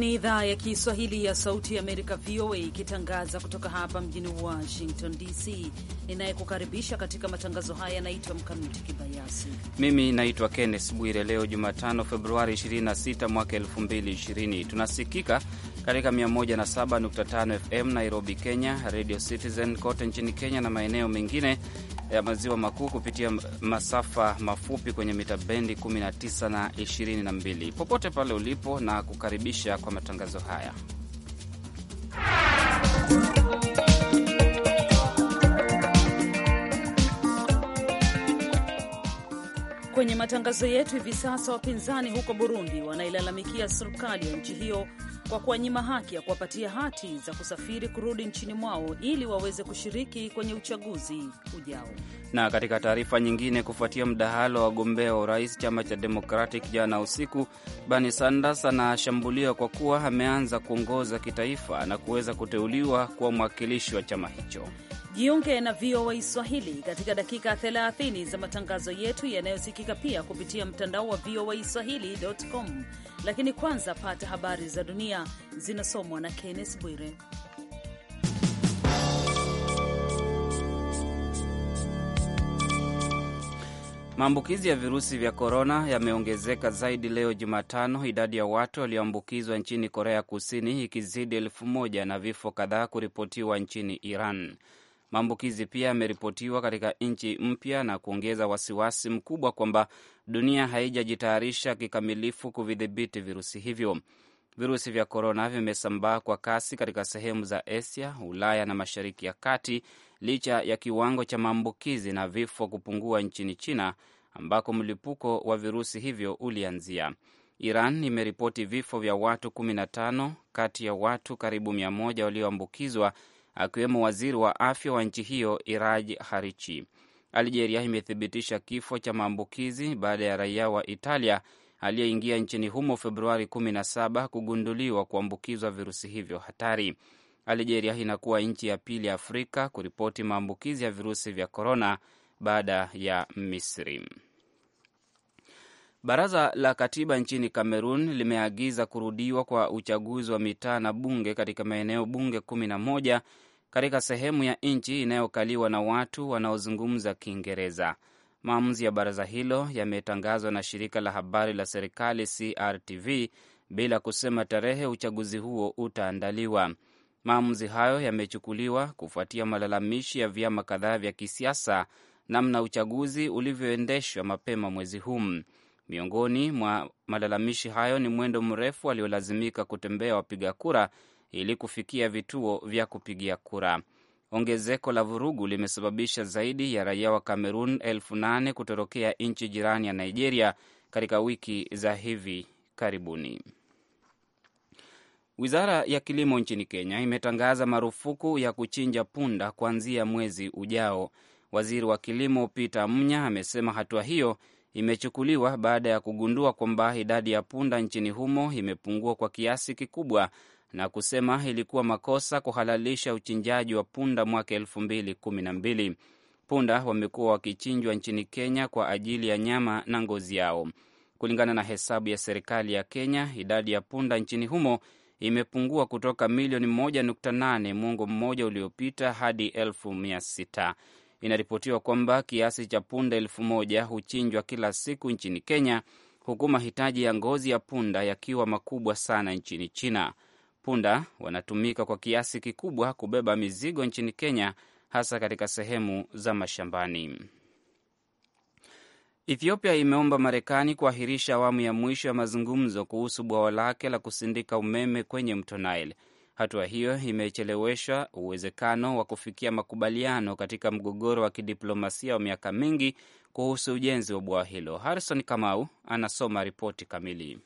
ni idhaa ya Kiswahili ya Sauti ya Amerika, VOA, ikitangaza kutoka hapa mjini Washington DC. Ninayekukaribisha katika matangazo haya yanaitwa Mkamiti Kibayasi. Mimi naitwa Kenneth Bwire. Leo Jumatano, Februari 26 mwaka 2020, tunasikika katika 107.5 FM Nairobi, Kenya, Radio Citizen kote nchini Kenya na maeneo mengine ya maziwa makuu kupitia masafa mafupi kwenye mita bendi 19 na 22, popote pale ulipo na kukaribisha kwa matangazo haya. Kwenye matangazo yetu hivi sasa, wapinzani huko Burundi wanailalamikia serikali ya nchi hiyo kwa kuwanyima haki ya kuwapatia hati za kusafiri kurudi nchini mwao ili waweze kushiriki kwenye uchaguzi ujao. Na katika taarifa nyingine, kufuatia mdahalo wa wagombea wa urais chama cha Democratic jana usiku, Bernie Sanders anashambuliwa kwa kuwa ameanza kuongoza kitaifa na kuweza kuteuliwa kuwa mwakilishi wa chama hicho. Jiunge na VOA Swahili katika dakika 30 za matangazo yetu yanayosikika pia kupitia mtandao wa VOA Swahili.com, lakini kwanza pata habari za dunia zinasomwa na Kenneth Bwire. Maambukizi ya virusi vya korona yameongezeka zaidi leo Jumatano, idadi ya watu walioambukizwa nchini Korea Kusini ikizidi elfu moja na vifo kadhaa kuripotiwa nchini Iran. Maambukizi pia yameripotiwa katika nchi mpya na kuongeza wasiwasi mkubwa kwamba dunia haijajitayarisha kikamilifu kuvidhibiti virusi hivyo. Virusi vya korona vimesambaa kwa kasi katika sehemu za Asia, Ulaya na Mashariki ya Kati, licha ya kiwango cha maambukizi na vifo kupungua nchini China ambako mlipuko wa virusi hivyo ulianzia. Iran imeripoti vifo vya watu 15 kati ya watu karibu 100 walioambukizwa akiwemo waziri wa afya wa nchi hiyo Iraj Harichi. Algeria imethibitisha kifo cha maambukizi baada ya raia wa Italia aliyeingia nchini humo Februari 17 kugunduliwa kuambukizwa virusi hivyo hatari. Algeria inakuwa nchi ya pili ya Afrika kuripoti maambukizi ya virusi vya korona baada ya Misri. Baraza la katiba nchini Kamerun limeagiza kurudiwa kwa uchaguzi wa mitaa na bunge katika maeneo bunge 11 katika sehemu ya nchi inayokaliwa na watu wanaozungumza Kiingereza. Maamuzi ya baraza hilo yametangazwa na shirika la habari la serikali CRTV bila kusema tarehe uchaguzi huo utaandaliwa. Maamuzi hayo yamechukuliwa kufuatia malalamishi ya vyama kadhaa vya kisiasa namna uchaguzi ulivyoendeshwa mapema mwezi huu. Miongoni mwa malalamishi hayo ni mwendo mrefu waliolazimika kutembea wapiga kura ili kufikia vituo vya kupigia kura. Ongezeko la vurugu limesababisha zaidi ya raia wa Kamerun elfu nane kutorokea nchi jirani ya Nigeria katika wiki za hivi karibuni. Wizara ya kilimo nchini Kenya imetangaza marufuku ya kuchinja punda kuanzia mwezi ujao. Waziri wa kilimo Peter Munya amesema hatua hiyo imechukuliwa baada ya kugundua kwamba idadi ya punda nchini humo imepungua kwa kiasi kikubwa na kusema ilikuwa makosa kuhalalisha uchinjaji wa punda mwaka elfu mbili kumi na mbili. Punda wamekuwa wakichinjwa nchini Kenya kwa ajili ya nyama na ngozi yao. Kulingana na hesabu ya serikali ya Kenya, idadi ya punda nchini humo imepungua kutoka milioni 1.8 mwongo mmoja uliopita hadi elfu mia sita. Inaripotiwa kwamba kiasi cha punda elfu moja huchinjwa kila siku nchini Kenya, huku mahitaji ya ngozi ya punda yakiwa makubwa sana nchini China. Punda wanatumika kwa kiasi kikubwa kubeba mizigo nchini Kenya, hasa katika sehemu za mashambani. Ethiopia imeomba Marekani kuahirisha awamu ya mwisho ya mazungumzo kuhusu bwawa lake la kusindika umeme kwenye mto Nile. Hatua hiyo imechelewesha uwezekano wa kufikia makubaliano katika mgogoro wa kidiplomasia wa miaka mingi kuhusu ujenzi wa bwawa hilo. Harrison Kamau anasoma ripoti kamili.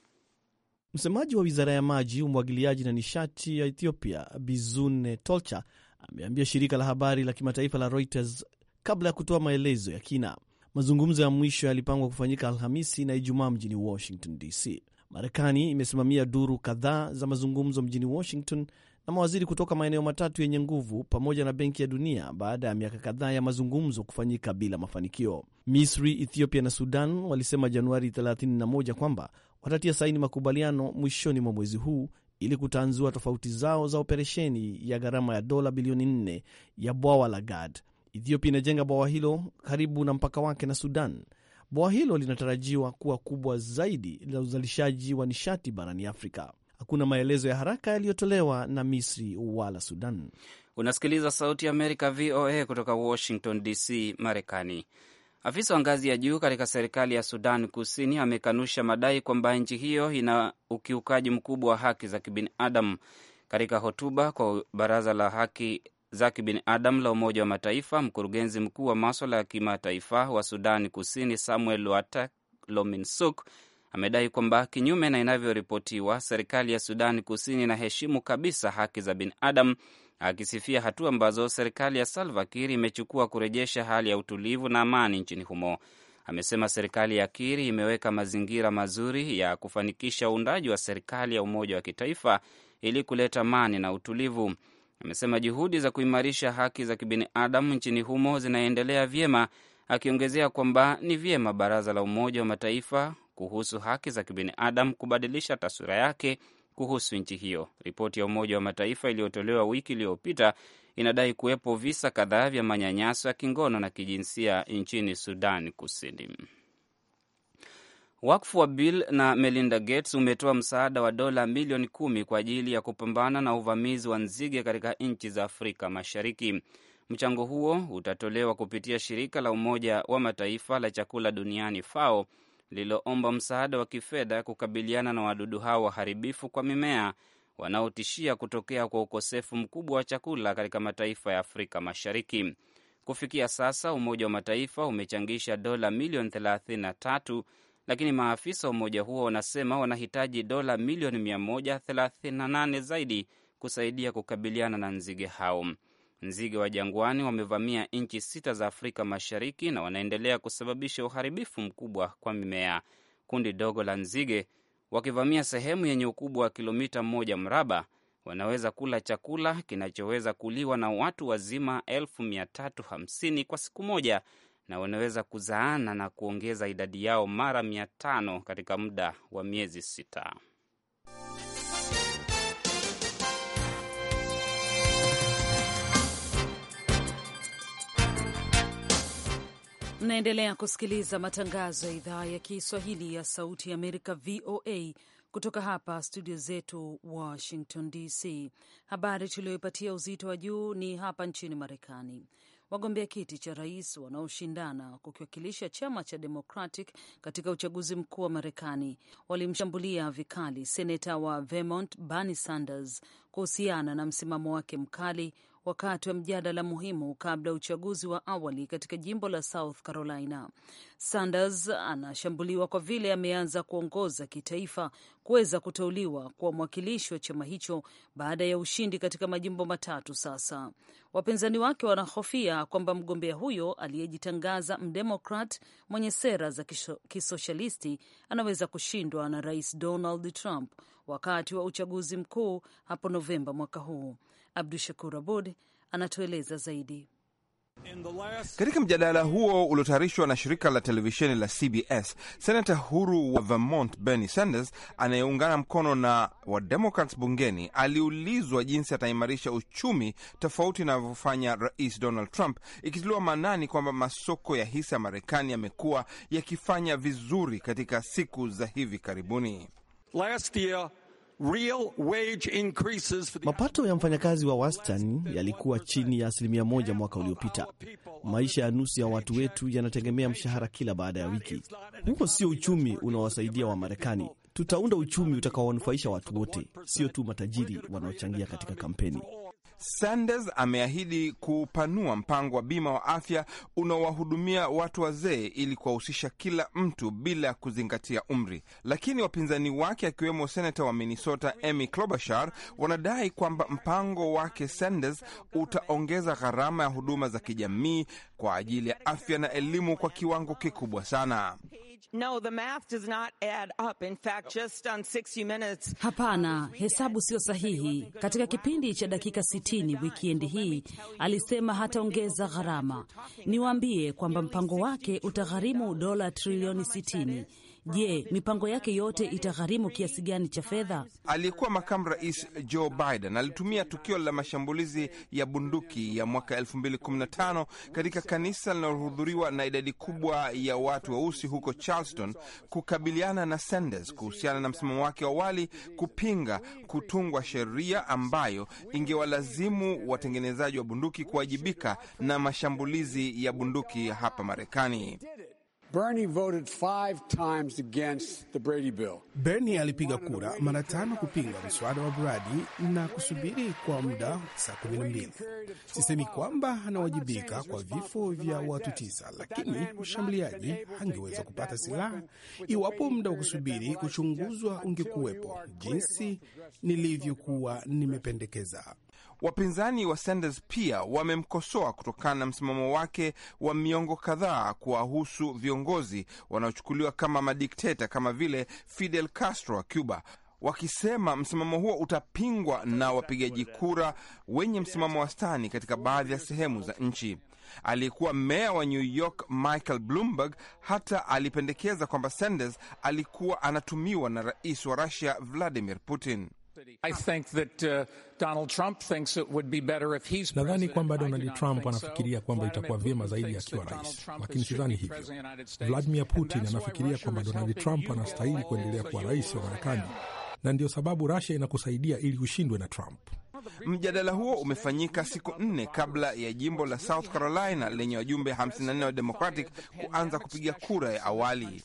Msemaji wa wizara ya maji, umwagiliaji na nishati ya Ethiopia, Bizune Tolcha, ameambia shirika la habari la kimataifa la Reuters kabla ya kutoa maelezo ya kina. Mazungumzo ya mwisho yalipangwa kufanyika Alhamisi na Ijumaa mjini Washington DC. Marekani imesimamia duru kadhaa za mazungumzo mjini Washington na mawaziri kutoka maeneo matatu yenye nguvu pamoja na Benki ya Dunia baada ya miaka kadhaa ya mazungumzo kufanyika bila mafanikio. Misri, Ethiopia na Sudan walisema Januari 31 kwamba watatia saini makubaliano mwishoni mwa mwezi huu ili kutanzua tofauti zao za operesheni ya gharama ya dola bilioni 4 ya bwawa la Gad. Ethiopia inajenga bwawa hilo karibu na mpaka wake na Sudan Bwawa hilo linatarajiwa kuwa kubwa zaidi la uzalishaji wa nishati barani Afrika. Hakuna maelezo ya haraka yaliyotolewa na Misri wala Sudan. Unasikiliza Sauti ya Amerika, VOA, kutoka Washington DC, Marekani. Afisa wa ngazi ya juu katika serikali ya Sudan Kusini amekanusha madai kwamba nchi hiyo ina ukiukaji mkubwa wa haki za kibinadamu. Katika hotuba kwa baraza la haki za kibinadamu la Umoja wa Mataifa, mkurugenzi mkuu wa maswala ya kimataifa wa Sudani Kusini Samuel Luata Lominsuk amedai kwamba kinyume na inavyoripotiwa, serikali ya Sudani Kusini inaheshimu kabisa haki za binadamu, akisifia hatua ambazo serikali ya Salva Kiir imechukua kurejesha hali ya utulivu na amani nchini humo. Amesema serikali ya Kiir imeweka mazingira mazuri ya kufanikisha uundaji wa serikali ya umoja wa kitaifa ili kuleta amani na utulivu. Amesema juhudi za kuimarisha haki za kibinadamu nchini humo zinaendelea vyema, akiongezea kwamba ni vyema Baraza la Umoja wa Mataifa kuhusu haki za kibinadamu kubadilisha taswira yake kuhusu nchi hiyo. Ripoti ya Umoja wa Mataifa iliyotolewa wiki iliyopita inadai kuwepo visa kadhaa vya manyanyaso ya kingono na kijinsia nchini Sudan Kusini. Wakfu wa Bill na Melinda Gates umetoa msaada wa dola milioni kumi kwa ajili ya kupambana na uvamizi wa nzige katika nchi za Afrika Mashariki. Mchango huo utatolewa kupitia shirika la Umoja wa Mataifa la chakula duniani FAO lililoomba msaada wa kifedha kukabiliana na wadudu hao waharibifu kwa mimea wanaotishia kutokea kwa ukosefu mkubwa wa chakula katika mataifa ya Afrika Mashariki. Kufikia sasa Umoja wa Mataifa umechangisha dola milioni 33 lakini maafisa wa umoja huo wanasema wanahitaji dola milioni 138 zaidi kusaidia kukabiliana na nzige hao. Nzige wa jangwani wamevamia nchi sita za Afrika Mashariki na wanaendelea kusababisha uharibifu mkubwa kwa mimea. Kundi dogo la nzige wakivamia sehemu yenye ukubwa wa kilomita moja mraba wanaweza kula chakula kinachoweza kuliwa na watu wazima elfu mia tatu hamsini kwa siku moja na wanaweza kuzaana na kuongeza idadi yao mara mia tano katika muda wa miezi sita. Mnaendelea kusikiliza matangazo ya idhaa ya Kiswahili ya Sauti ya Amerika, VOA, kutoka hapa studio zetu Washington DC. Habari tuliyoipatia uzito wa juu ni hapa nchini Marekani wagombea kiti cha rais wanaoshindana kukiwakilisha chama cha Democratic katika uchaguzi mkuu wa Marekani walimshambulia vikali seneta wa Vermont Bernie Sanders kuhusiana na msimamo wake mkali wakati wa mjadala muhimu kabla ya uchaguzi wa awali katika jimbo la South Carolina. Sanders anashambuliwa kwa vile ameanza kuongoza kitaifa kuweza kuteuliwa kuwa mwakilishi wa chama hicho baada ya ushindi katika majimbo matatu. Sasa wapinzani wake wanahofia kwamba mgombea huyo aliyejitangaza mdemokrat mwenye sera za kisoshalisti anaweza kushindwa na Rais Donald Trump wakati wa uchaguzi mkuu hapo Novemba mwaka huu. Abdu Shakur Abud anatueleza zaidi. Last... Katika mjadala huo uliotayarishwa na shirika la televisheni la CBS, senata huru wa Vermont Bernie Sanders anayeungana mkono na Wademokrats bungeni aliulizwa jinsi ataimarisha uchumi tofauti anavyofanya Rais Donald Trump, ikitiliwa maanani kwamba masoko ya hisa ya Marekani yamekuwa yakifanya vizuri katika siku za hivi karibuni. Last year... Real wage increases for the... mapato ya mfanyakazi wa wastani yalikuwa chini ya asilimia moja mwaka uliopita. Maisha ya nusu ya watu wetu yanategemea mshahara kila baada ya wiki. Huo sio uchumi unaowasaidia Wamarekani. Tutaunda uchumi utakaowanufaisha watu wote, sio tu matajiri wanaochangia katika kampeni. Sanders ameahidi kupanua mpango wa bima wa afya unaowahudumia watu wazee ili kuwahusisha kila mtu bila ya kuzingatia umri, lakini wapinzani wake akiwemo senata wa Minnesota Amy Klobuchar wanadai kwamba mpango wake Sanders utaongeza gharama ya huduma za kijamii kwa ajili ya afya na elimu kwa kiwango kikubwa sana. Hapana, hesabu sio sahihi. Katika kipindi cha dakika nchini wikiendi hii alisema hataongeza gharama. Niwaambie kwamba mpango wake utagharimu dola trilioni 60 Je, mipango yake yote itagharimu kiasi gani cha fedha? Aliyekuwa makamu rais Joe Biden alitumia tukio la mashambulizi ya bunduki ya mwaka 2015 katika kanisa linalohudhuriwa na idadi kubwa ya watu weusi wa huko Charleston kukabiliana na Sanders kuhusiana na msimamo wake wa awali kupinga kutungwa sheria ambayo ingewalazimu watengenezaji wa bunduki kuwajibika na mashambulizi ya bunduki hapa Marekani. Bernie voted five times against the Brady bill. Bernie alipiga kura mara tano kupinga mswada wa Brady na kusubiri kwa muda saa 12. Sisemi kwamba anawajibika kwa vifo vya watu tisa, lakini mshambuliaji angeweza kupata silaha iwapo muda wa kusubiri kuchunguzwa ungekuwepo, jinsi nilivyokuwa nimependekeza. Wapinzani wa Sanders pia wamemkosoa kutokana na msimamo wake wa miongo kadhaa kuwahusu viongozi wanaochukuliwa kama madikteta kama vile Fidel Castro wa Cuba, wakisema msimamo huo utapingwa na wapigaji kura wenye msimamo wastani katika baadhi ya sehemu za nchi. Aliyekuwa meya wa New York Michael Bloomberg hata alipendekeza kwamba Sanders alikuwa anatumiwa na rais wa Russia Vladimir Putin. Nadhani kwamba uh, Donald Trump anafikiria kwamba itakuwa vyema zaidi akiwa rais, lakini sidhani hivyo. Vladimir Putin anafikiria kwamba Donald Trump anastahili kuendelea kuwa rais wa Marekani, na ndiyo sababu Russia inakusaidia ili ushindwe na Trump. Mjadala huo umefanyika siku nne kabla ya jimbo la South Carolina lenye wajumbe 54 wa Democratic kuanza kupiga kura ya awali.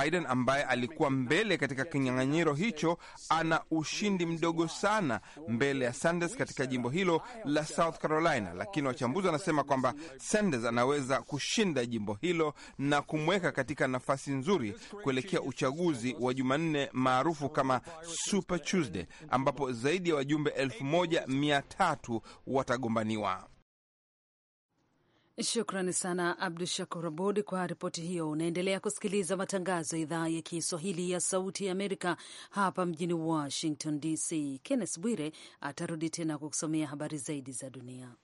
Biden ambaye alikuwa mbele katika kinyang'anyiro hicho ana ushindi mdogo sana mbele ya Sanders katika jimbo hilo la South Carolina, lakini wachambuzi wanasema kwamba Sanders anaweza kushinda jimbo hilo na kumweka katika nafasi nzuri kuelekea uchaguzi wa Jumanne maarufu kama Super Tuesday ambapo zaidi ya wajumbe elfu moja moja mia tatu watagombaniwa. Shukrani sana Abdu Shakur Abud kwa ripoti hiyo. Unaendelea kusikiliza matangazo ya idhaa ya Kiswahili ya Sauti ya Amerika hapa mjini Washington DC. Kennes Bwire atarudi tena kukusomea habari zaidi za dunia.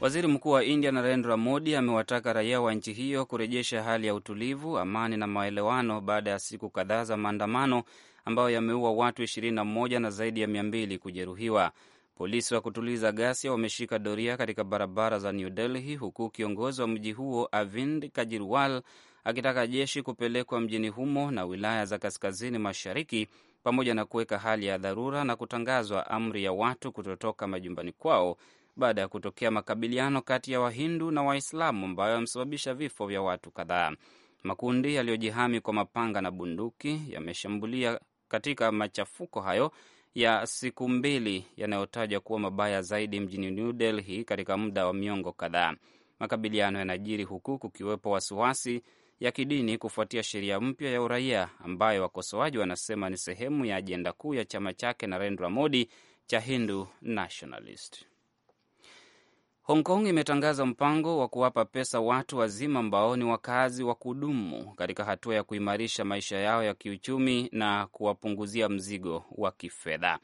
Waziri Mkuu wa India Narendra Modi amewataka raia wa nchi hiyo kurejesha hali ya utulivu, amani na maelewano baada ya siku kadhaa za maandamano ambayo yameua watu 21 na zaidi ya 200 kujeruhiwa. Polisi wa kutuliza ghasia wameshika doria katika barabara za New Delhi, huku kiongozi wa mji huo Arvind kajirwal akitaka jeshi kupelekwa mjini humo na wilaya za kaskazini mashariki, pamoja na kuweka hali ya dharura na kutangazwa amri ya watu kutotoka majumbani kwao baada ya kutokea makabiliano kati ya Wahindu na Waislamu ambayo yamesababisha vifo vya watu kadhaa. Makundi yaliyojihami kwa mapanga na bunduki yameshambulia katika machafuko hayo ya siku mbili yanayotajwa kuwa mabaya zaidi mjini New Delhi katika muda wa miongo kadhaa. Makabiliano yanajiri huku kukiwepo wasiwasi ya kidini kufuatia sheria mpya ya uraia ambayo wakosoaji wanasema ni sehemu ya ajenda kuu ya chama chake Narendra Modi cha Hindu Nationalist. Hong Kong imetangaza mpango wa kuwapa pesa watu wazima ambao ni wakazi wa kudumu katika hatua ya kuimarisha maisha yao ya kiuchumi na kuwapunguzia mzigo wa kifedha.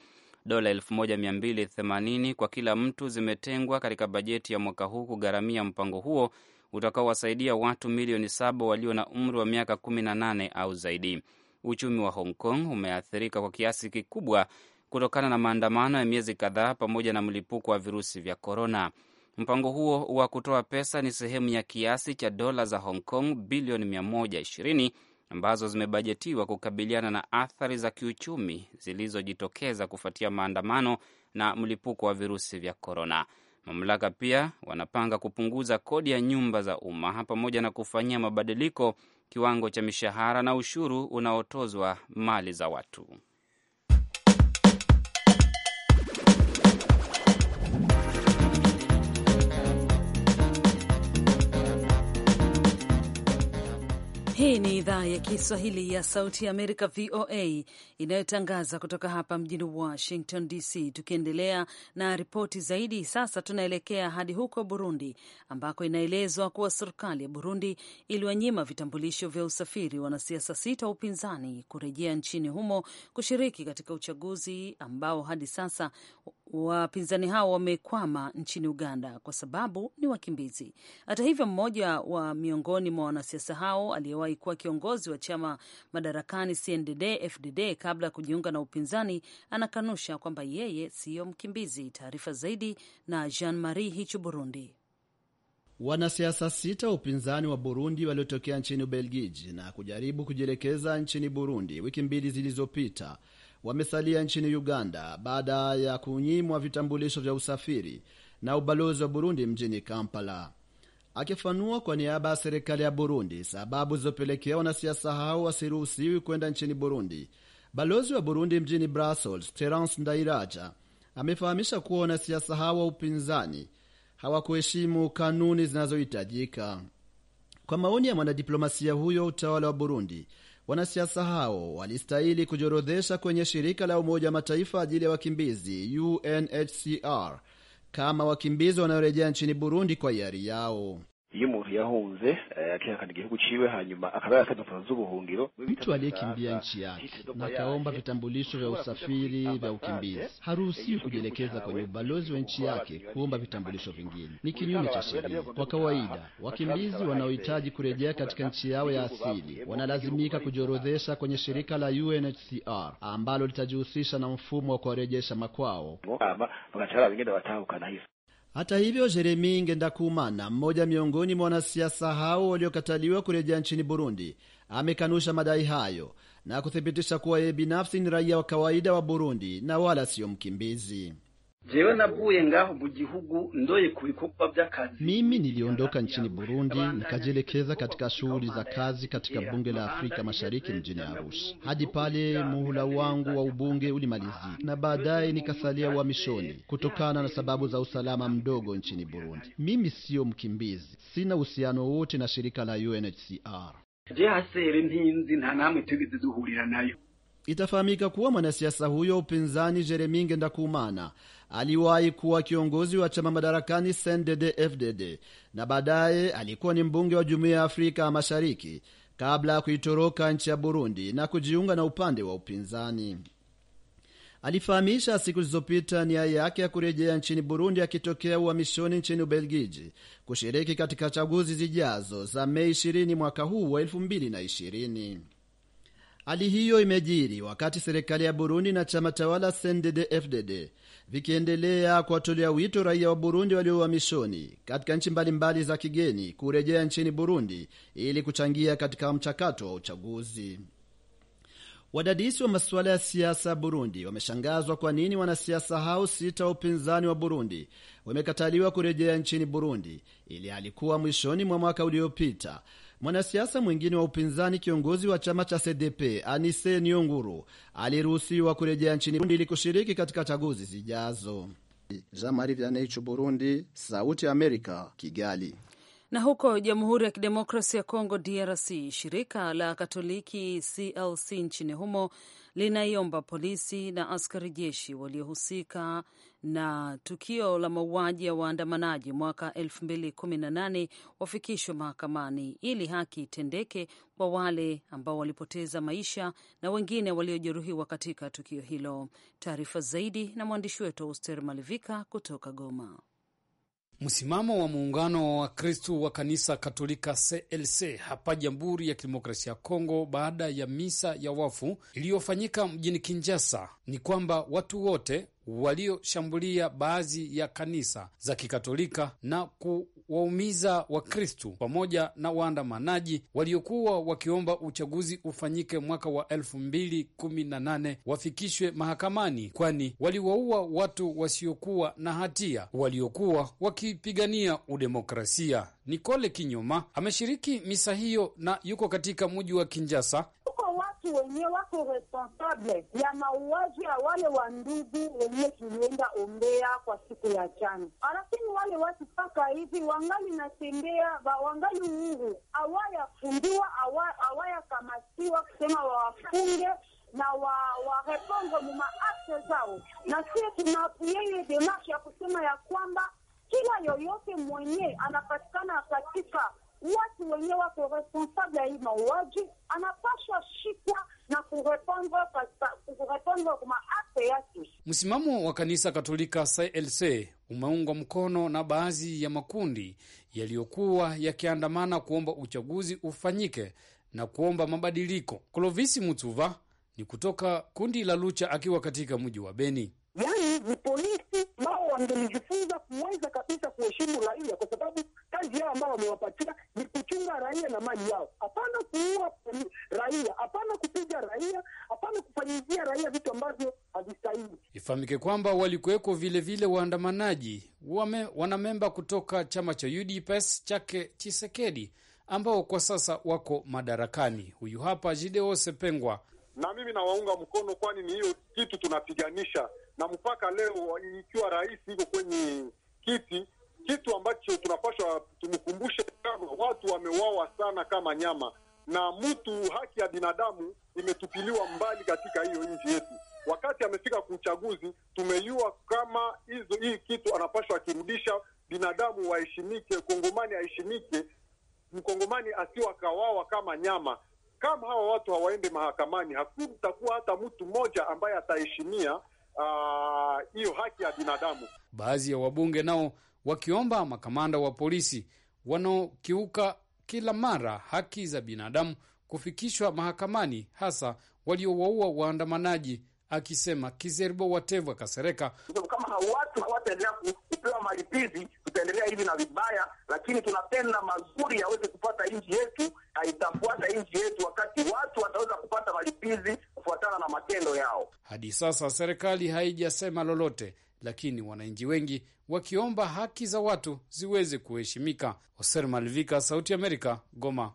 Dola 1280 kwa kila mtu zimetengwa katika bajeti ya mwaka huu kugharamia mpango huo utakaowasaidia watu milioni saba walio na umri wa miaka 18 au zaidi. Uchumi wa Hong Kong umeathirika kwa kiasi kikubwa kutokana na maandamano ya miezi kadhaa pamoja na mlipuko wa virusi vya korona. Mpango huo wa kutoa pesa ni sehemu ya kiasi cha dola za Hong Kong bilioni 120 ambazo zimebajetiwa kukabiliana na athari za kiuchumi zilizojitokeza kufuatia maandamano na mlipuko wa virusi vya korona. Mamlaka pia wanapanga kupunguza kodi ya nyumba za umma pamoja na kufanyia mabadiliko kiwango cha mishahara na ushuru unaotozwa mali za watu. Hii ni idhaa ya Kiswahili ya Sauti ya Amerika, VOA, inayotangaza kutoka hapa mjini Washington DC. Tukiendelea na ripoti zaidi, sasa tunaelekea hadi huko Burundi, ambako inaelezwa kuwa serikali ya Burundi iliwanyima vitambulisho vya usafiri wanasiasa sita wa upinzani kurejea nchini humo kushiriki katika uchaguzi ambao hadi sasa wapinzani hao wamekwama nchini Uganda kwa sababu ni wakimbizi. Hata hivyo, mmoja wa miongoni mwa wanasiasa hao aliyewahi kuwa kiongozi wa chama madarakani CNDD FDD kabla ya kujiunga na upinzani anakanusha kwamba yeye siyo mkimbizi. Taarifa zaidi na Jean Marie Hichu, Burundi. Wanasiasa sita wa upinzani wa Burundi waliotokea nchini Ubelgiji na kujaribu kujielekeza nchini Burundi wiki mbili zilizopita wamesalia nchini Uganda baada ya kunyimwa vitambulisho vya usafiri na ubalozi wa Burundi mjini Kampala. Akifanua kwa niaba ya serikali ya Burundi sababu zilizopelekea wanasiasa hao wasiruhusiwi kwenda nchini Burundi, balozi wa Burundi mjini Brussels Terence Ndairaja amefahamisha kuwa wanasiasa hao wa upinzani hawakuheshimu kanuni zinazohitajika. Kwa maoni ya mwanadiplomasia huyo, utawala wa Burundi Wanasiasa hao walistahili kujiorodhesha kwenye shirika la Umoja Mataifa ajili ya wakimbizi UNHCR kama wakimbizi wanaorejea nchini Burundi kwa hiari yao iyo umuntu yahunze eh, akihakana igihugu ciwe hanyuma akaba yakaza pesa z'ubuhungiro. Mtu aliyekimbia nchi yake na kaomba vitambulisho vya usafiri vya ukimbizi eh, haruhusiwi kujielekeza kwenye ubalozi wa nchi yake kuomba vitambulisho vingine, ni kinyume cha sheria. Kwa kawaida wakimbizi wanaohitaji kurejea katika nchi yao ya asili wanalazimika kujiorodhesha kwenye shirika la UNHCR ambalo litajihusisha na mfumo wa kuwarejesha makwao. Hata hivyo, Jeremi Ngendakumana, mmoja miongoni mwa wanasiasa hao waliokataliwa kurejea nchini Burundi, amekanusha madai hayo na kuthibitisha kuwa yeye binafsi ni raia wa kawaida wa Burundi na wala siyo mkimbizi. Jewe navuye ngaho mu ndoye ku vya kazi. Mimi niliondoka nchini Burundi nikajielekeza katika shughuli za kazi katika bunge la Afrika Mashariki mjini Arusha hadi pale muhula wangu wa ubunge ulimalizika, na baadaye nikasalia uhamishoni kutokana na sababu za usalama mdogo nchini Burundi. Mimi siyo mkimbizi, sina uhusiano wote na shirika la UNHCR. Je, hasere ntinzi nta namwe tugize duhurira nayo. Itafahamika kuwa mwanasiasa huyo upinzani Jeremie Ngendakumana aliwahi kuwa kiongozi wa chama madarakani CNDD-FDD na baadaye alikuwa ni mbunge wa Jumuiya ya Afrika Mashariki kabla ya kuitoroka nchi ya Burundi na kujiunga na upande wa upinzani. Alifahamisha siku zilizopita nia yake ya kurejea nchini Burundi akitokea uhamishoni nchini Ubelgiji kushiriki katika chaguzi zijazo za Mei 20 mwaka huu wa 2020. Hali hiyo imejiri wakati serikali ya Burundi na chama tawala CNDD-FDD vikiendelea kuwatolea wito raia wa Burundi walio uhamishoni katika nchi mbalimbali za kigeni kurejea nchini Burundi ili kuchangia katika mchakato wa uchaguzi. Wadadisi wa masuala ya siasa ya Burundi wameshangazwa kwa nini wanasiasa hao sita wa upinzani wa Burundi wamekataliwa kurejea nchini Burundi ili alikuwa mwishoni mwa mwaka uliopita Mwanasiasa mwingine wa upinzani, kiongozi wa chama cha CDP Anise Nionguru, aliruhusiwa kurejea nchini Burundi ili kushiriki katika chaguzi zijazo. Burundi, Sauti ya Amerika, Kigali. Na huko Jamhuri ya Kidemokrasi ya Kongo, DRC, shirika la Katoliki CLC nchini humo linaiomba polisi na askari jeshi waliohusika na tukio la mauaji ya waandamanaji mwaka 2018 wafikishwe mahakamani ili haki itendeke kwa wale ambao walipoteza maisha na wengine waliojeruhiwa katika tukio hilo. Taarifa zaidi na mwandishi wetu Auster Malivika kutoka Goma. Msimamo wa muungano wa Wakristu wa kanisa Katolika CLC hapa Jamhuri ya Kidemokrasia ya Kongo baada ya misa ya wafu iliyofanyika mjini Kinshasa ni kwamba watu wote walioshambulia baadhi ya kanisa za Kikatolika na ku kuwaumiza Wakristu pamoja na waandamanaji waliokuwa wakiomba uchaguzi ufanyike mwaka wa elfu mbili kumi na nane wafikishwe mahakamani, kwani waliwaua watu wasiokuwa na hatia waliokuwa wakipigania udemokrasia. Nicole Kinyoma ameshiriki misa hiyo na yuko katika mji wa Kinjasa watu wako responsable ya mauaji ya wale wa ndugu wenye tulienda ombea kwa siku ya chana, lakini wale watu mpaka hivi wangali natembea wangali uhuru, awayafungiwa awayakamatiwa kusema wawafunge Msimamo wa kanisa Katolika CLC umeungwa mkono na baadhi ya makundi yaliyokuwa yakiandamana kuomba uchaguzi ufanyike na kuomba mabadiliko. Klovisi Mutuva ni kutoka kundi la Lucha akiwa katika mji wa Beni. Yani ni polisi nao wangelijifunza kuweza kabisa kuheshimu raia, kwa sababu kazi yao ambao wamewapatia ni kuchunga raia na mali yao, hapana kuua raia, hapana kupiga raia, hapana kufanyizia raia vitu ambavyo havistahili. Ifahamike kwamba walikuweko vilevile waandamanaji wanamemba kutoka chama cha UDPS chake Chisekedi ambao kwa sasa wako madarakani. Huyu hapa Jideo Sepengwa. Na mimi nawaunga mkono, kwani ni hiyo kitu tunapiganisha, na mpaka leo ikiwa rais iko kwenye kiti kitu ambacho tunapaswa tumkumbushe, watu wameuawa sana kama nyama, na mtu haki ya binadamu imetupiliwa mbali katika hiyo nchi yetu. Wakati amefika kwa uchaguzi, tumejua kama hizo hii kitu anapaswa akirudisha, binadamu waheshimike, Kongomani aheshimike, Mkongomani kawawa kama nyama. Kama hawa watu hawaende mahakamani, hakutakuwa hata mtu mmoja ambaye ataheshimia hiyo uh, haki ya binadamu. Baadhi ya wabunge nao wakiomba makamanda wa polisi wanaokiuka kila mara haki za binadamu kufikishwa mahakamani, hasa waliowaua waandamanaji, akisema Kizerbo Watevwa Kasereka. Kama watu hawataendelea kupewa malipizi, tutaendelea hivi na vibaya, lakini tunapenda mazuri yaweze kupata nchi yetu, na itafuata nchi yetu wakati watu wataweza kupata malipizi kufuatana na matendo yao. Hadi sasa serikali haijasema lolote, lakini wananchi wengi wakiomba haki za watu ziweze kuheshimika. Hoser Malvika, Sauti ya Amerika, Goma.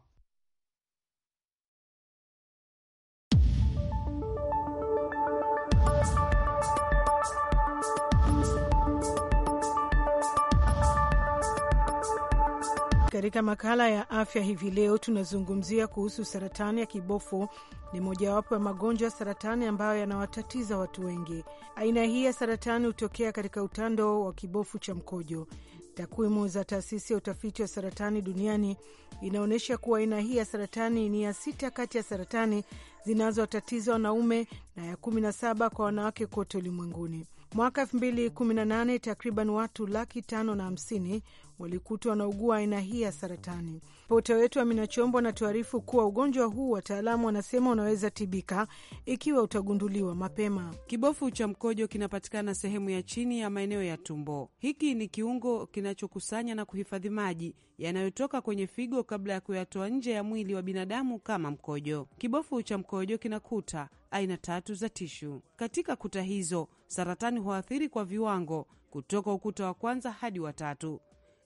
Katika makala ya afya hivi leo tunazungumzia kuhusu saratani ya kibofu. Ni mojawapo ya magonjwa ya saratani ambayo yanawatatiza watu wengi. Aina hii ya saratani hutokea katika utando wa kibofu cha mkojo. Takwimu za taasisi ya utafiti wa saratani duniani inaonyesha kuwa aina hii ya saratani ni ya sita kati ya saratani zinazowatatiza wanaume na ya 17 kwa wanawake kote ulimwenguni. Mwaka 2018 takriban watu laki tano na hamsini walikutwa wanaugua aina hii ya saratani. Ripota wetu Amina Chombo anatuarifu kuwa ugonjwa huu wataalamu wanasema unaweza tibika ikiwa utagunduliwa mapema. Kibofu cha mkojo kinapatikana sehemu ya chini ya maeneo ya tumbo. Hiki ni kiungo kinachokusanya na kuhifadhi maji yanayotoka kwenye figo kabla ya kuyatoa nje ya mwili wa binadamu kama mkojo. Kibofu cha mkojo kinakuta aina tatu za tishu. Katika kuta hizo, saratani huathiri kwa viwango kutoka ukuta wa kwanza hadi wa tatu.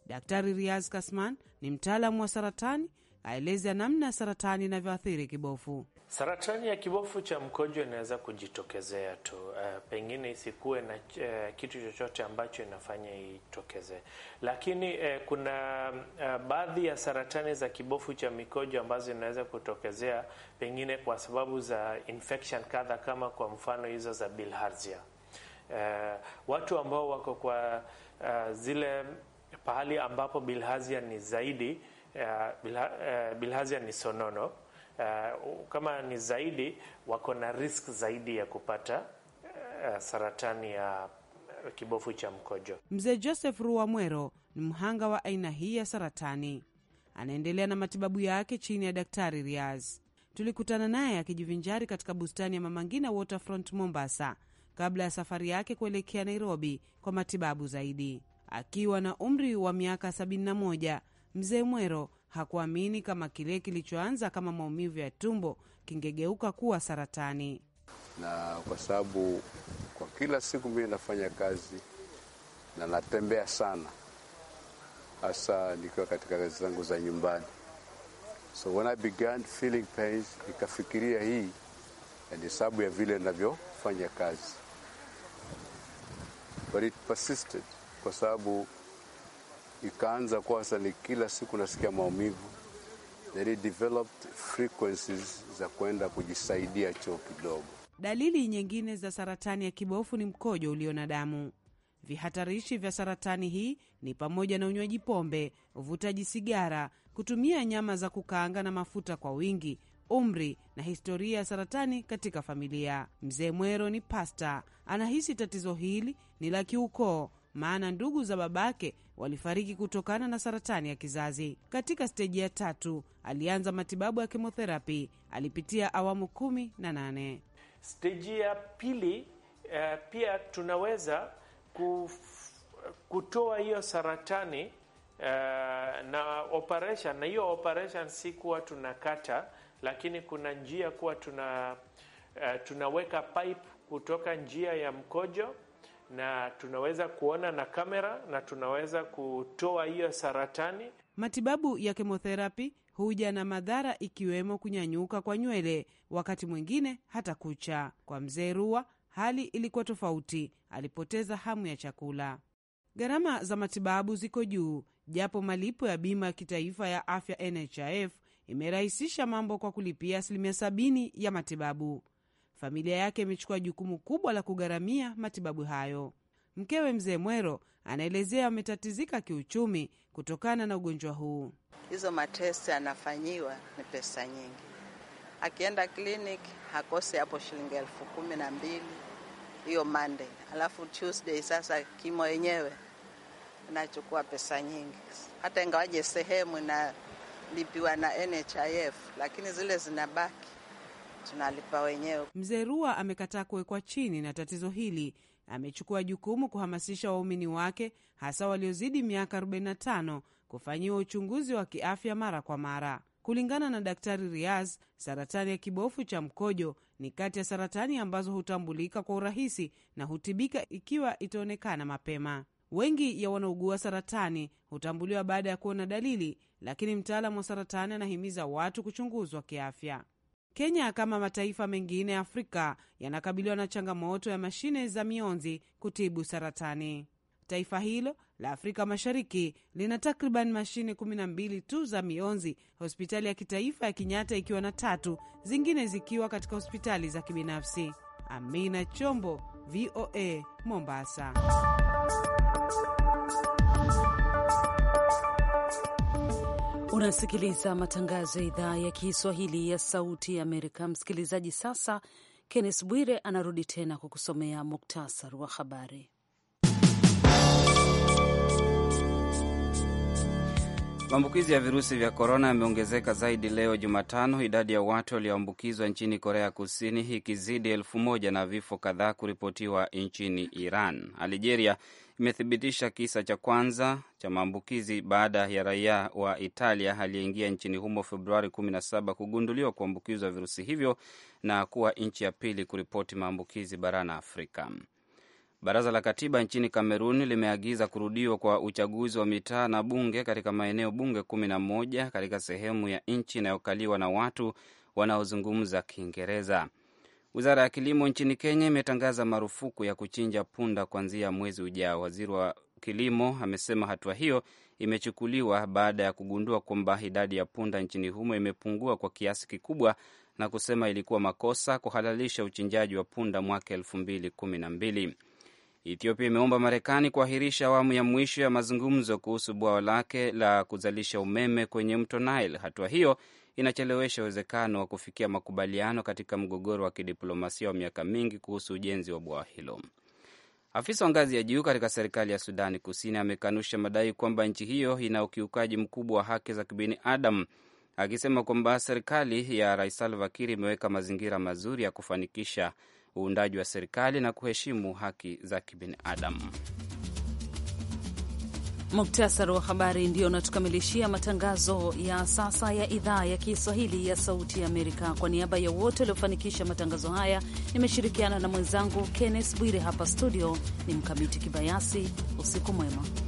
Daktari Riaz Kasman ni mtaalamu wa saratani, aeleza namna saratani inavyoathiri kibofu. Saratani ya kibofu cha mkojo inaweza kujitokezea tu, uh, pengine isikuwe na uh, kitu chochote ambacho inafanya itokezee, lakini uh, kuna uh, baadhi ya saratani za kibofu cha mikojo ambazo inaweza kutokezea pengine kwa sababu za infection kadha, kama kwa mfano hizo za bilharzia. Uh, watu ambao wako kwa uh, zile pahali ambapo bilhazia ni zaidi uh, bilha, uh, bilhazia ni sonono uh, kama ni zaidi wako na risk zaidi ya kupata uh, saratani ya kibofu cha mkojo. Mzee Joseph mwero ni mhanga wa aina hii ya saratani, anaendelea na matibabu yake chini ya Daktari Riaz. Tulikutana naye akijivinjari katika bustani ya Mama Ngina Waterfront Mombasa, kabla ya safari yake kuelekea Nairobi kwa matibabu zaidi. Akiwa na umri wa miaka 71, mzee Mwero hakuamini kama kile kilichoanza kama maumivu ya tumbo kingegeuka kuwa saratani. Na kwa sababu kwa kila siku mimi nafanya kazi na natembea sana, hasa nikiwa katika kazi zangu za nyumbani. So when I began feeling pains, nikafikiria hii ni sababu ya vile navyofanya kazi, but it persisted kwa sababu ikaanza kuwa sasa kila siku nasikia maumivu, then developed frequencies za kwenda kujisaidia choo kidogo. Dalili nyingine za saratani ya kibofu ni mkojo ulio na damu. Vihatarishi vya saratani hii ni pamoja na unywaji pombe, uvutaji sigara, kutumia nyama za kukaanga na mafuta kwa wingi, umri na historia ya saratani katika familia. Mzee Mwero ni pasta, anahisi tatizo hili ni la kiukoo maana ndugu za babake walifariki kutokana na saratani ya kizazi katika steji ya tatu. Alianza matibabu ya kemotherapi, alipitia awamu kumi na nane. Steji ya pili uh, pia tunaweza kuf, kutoa hiyo saratani uh, na operation, na hiyo operation si kuwa tunakata, lakini kuna njia kuwa tuna, uh, tunaweka pipe kutoka njia ya mkojo na tunaweza kuona na kamera na tunaweza kutoa hiyo saratani. Matibabu ya kemotherapi huja na madhara ikiwemo kunyanyuka kwa nywele, wakati mwingine hata kucha. Kwa mzee Rua hali ilikuwa tofauti, alipoteza hamu ya chakula. Gharama za matibabu ziko juu, japo malipo ya bima ya kitaifa ya afya NHIF imerahisisha mambo kwa kulipia asilimia sabini ya matibabu familia yake imechukua jukumu kubwa la kugharamia matibabu hayo. Mkewe mzee Mwero anaelezea ametatizika kiuchumi kutokana na ugonjwa huu. Hizo matesti anafanyiwa ni pesa nyingi, akienda kliniki hakose hapo shilingi elfu kumi na mbili hiyo Monday, alafu Tuesday sasa kimo yenyewe inachukua pesa nyingi, hata ingawaje sehemu inalipiwa na NHIF, lakini zile zinabaki tunalipa wenyewe. Mzee Rua amekataa kuwekwa chini na tatizo hili. Amechukua jukumu kuhamasisha waumini wake hasa waliozidi miaka 45 kufanyiwa uchunguzi wa kiafya mara kwa mara. Kulingana na Daktari Riaz, saratani ya kibofu cha mkojo ni kati ya saratani ambazo hutambulika kwa urahisi na hutibika ikiwa itaonekana mapema. Wengi ya wanaougua saratani hutambuliwa baada ya kuona dalili, lakini mtaalamu wa saratani anahimiza watu kuchunguzwa kiafya. Kenya kama mataifa mengine ya Afrika yanakabiliwa na changamoto ya mashine za mionzi kutibu saratani. Taifa hilo la Afrika Mashariki lina takriban mashine 12 tu za mionzi, hospitali ya kitaifa ya Kenyatta ikiwa na tatu, zingine zikiwa katika hospitali za kibinafsi. Amina Chombo, VOA, Mombasa. Unasikiliza matangazo ya idhaa ya Kiswahili ya Sauti ya Amerika. Msikilizaji, sasa Kennes Bwire anarudi tena kukusomea muktasar wa habari. Maambukizi ya virusi vya korona yameongezeka zaidi leo Jumatano, idadi ya watu walioambukizwa nchini Korea Kusini ikizidi elfu moja na vifo kadhaa kuripotiwa nchini Iran. Algeria imethibitisha kisa cha kwanza cha maambukizi baada ya raia wa Italia aliyeingia nchini humo Februari 17 kugunduliwa kuambukizwa virusi hivyo na kuwa nchi ya pili kuripoti maambukizi barani Afrika. Baraza la Katiba nchini Kamerun limeagiza kurudiwa kwa uchaguzi wa mitaa na bunge katika maeneo bunge 11 katika sehemu ya nchi inayokaliwa na watu wanaozungumza Kiingereza. Wizara ya kilimo nchini Kenya imetangaza marufuku ya kuchinja punda kuanzia mwezi ujao. Waziri wa kilimo amesema hatua hiyo imechukuliwa baada ya kugundua kwamba idadi ya punda nchini humo imepungua kwa kiasi kikubwa, na kusema ilikuwa makosa kuhalalisha uchinjaji wa punda mwaka elfu mbili kumi na mbili. Ethiopia imeomba Marekani kuahirisha awamu ya mwisho ya mazungumzo kuhusu bwawa lake la kuzalisha umeme kwenye mto Nile. Hatua hiyo inachelewesha uwezekano wa kufikia makubaliano katika mgogoro wa kidiplomasia wa miaka mingi kuhusu ujenzi wa bwawa hilo. Afisa wa ngazi ya juu katika serikali ya Sudani Kusini amekanusha madai kwamba nchi hiyo ina ukiukaji mkubwa wa haki za kibinadamu, akisema kwamba serikali ya Rais Salva Kiir imeweka mazingira mazuri ya kufanikisha uundaji wa serikali na kuheshimu haki za kibinadamu. Muktasari wa habari ndio unatukamilishia matangazo ya sasa ya idhaa ya Kiswahili ya Sauti ya Amerika. Kwa niaba ya wote waliofanikisha matangazo haya, nimeshirikiana na mwenzangu Kenneth Bwire hapa studio. Ni Mkamiti Kibayasi, usiku mwema.